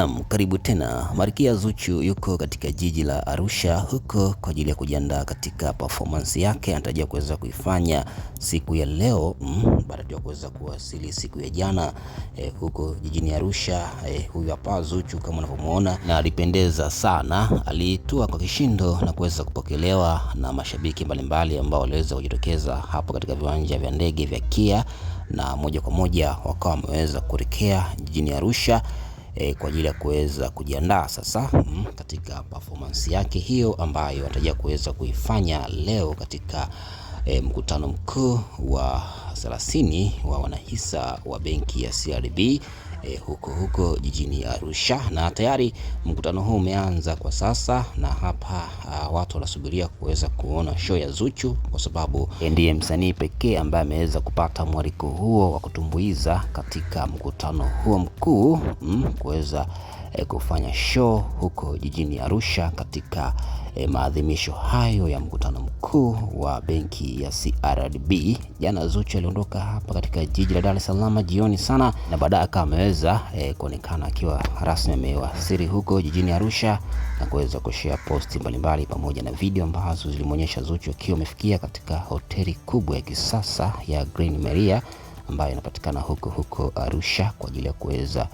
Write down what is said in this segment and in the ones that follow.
Nam, karibu tena. Malkia Zuchu yuko katika jiji la Arusha huko kwa ajili ya kujiandaa katika performance yake anatarajia kuweza kuifanya siku ya leo mm, baada ya kuweza kuwasili siku ya jana eh, huko jijini Arusha. Eh, huyu hapa Zuchu kama unavyomuona na alipendeza sana, alitua kwa kishindo na kuweza kupokelewa na mashabiki mbalimbali ambao waliweza kujitokeza hapo katika viwanja vya ndege vya Kia na moja kwa moja wakawa wameweza kurekea jijini Arusha e, kwa ajili ya kuweza kujiandaa sasa mm, katika performance yake hiyo ambayo atajia kuweza kuifanya leo katika e, mkutano mkuu wa 30 wa wanahisa wa benki ya crb e, huko huko jijini Arusha, na tayari mkutano huu umeanza kwa sasa, na hapa a, ah, watu wanasubiria kuweza kuona show ya Zuchu kwa sababu ndiye msanii pekee ambaye ameweza kupata mwariko huo wa kutumbuiza katika mkutano huo mkuu mm, kuweza e, kufanya show huko jijini Arusha katika e, maadhimisho hayo ya mkutano mkuu wa benki ya CRDB. Jana Zuchu aliondoka hapa katika jiji la Dar es Salaam jioni sana, na baadaye akawa ameweza e, kuonekana akiwa rasmi amewasili huko jijini Arusha na kuweza kushare posti mbalimbali pamoja na video ambazo zilimwonyesha Zuchu akiwa amefikia katika hoteli kubwa ya kisasa ya Green Maria ambayo inapatikana huko huko Arusha kwa ajili ya kuweza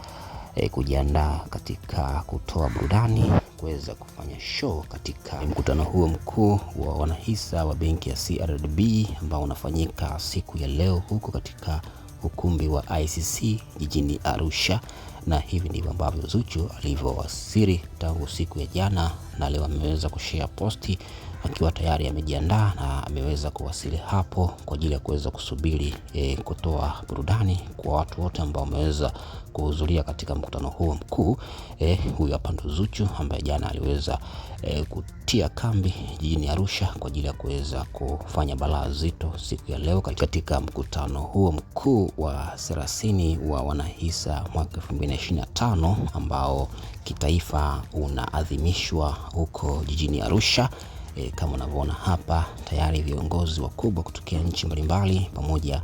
e, kujiandaa katika kutoa burudani, kuweza kufanya show katika mkutano huo mkuu wa wanahisa wa benki ya CRDB ambao unafanyika siku ya leo huko katika ukumbi wa ICC jijini Arusha na hivi ndivyo ambavyo Zuchu alivyowasiri tangu siku ya jana, na leo ameweza kushare posti akiwa tayari amejiandaa na ameweza kuwasili hapo kwa ajili ya kuweza kusubiri e, kutoa burudani kwa watu wote ambao wameweza kuhudhuria katika mkutano huo mkuu. E, huyu hapa ndo Zuchu ambaye jana aliweza e, kutia kambi jijini Arusha kwa ajili ya kuweza kufanya balaa zito siku ya leo katika mkutano huo mkuu wa 30 wa wanahisa mwaka 25 ambao kitaifa unaadhimishwa huko jijini Arusha. E, kama unavyoona hapa tayari viongozi wakubwa kutokea nchi mbalimbali pamoja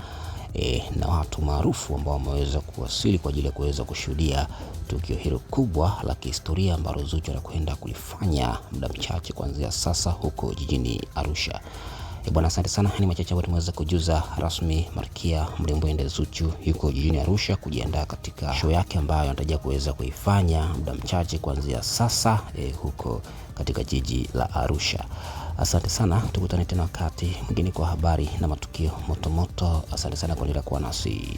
e, na watu maarufu ambao wameweza kuwasili kwa ajili ya kuweza kushuhudia tukio hilo kubwa la kihistoria ambalo Zuchu anakwenda kulifanya muda mchache kuanzia sasa huko jijini Arusha. Eh, bwana, asante sana. Ni machache ambayo tumeweza kujuza rasmi. Malkia Mlimbwende Zuchu yuko jijini Arusha kujiandaa katika show yake ambayo anatarajia kuweza kuifanya muda mchache kuanzia sasa eh, huko katika jiji la Arusha. Asante sana, tukutane tena wakati mwingine kwa habari na matukio motomoto. Asante sana kuendelea kuwa nasi.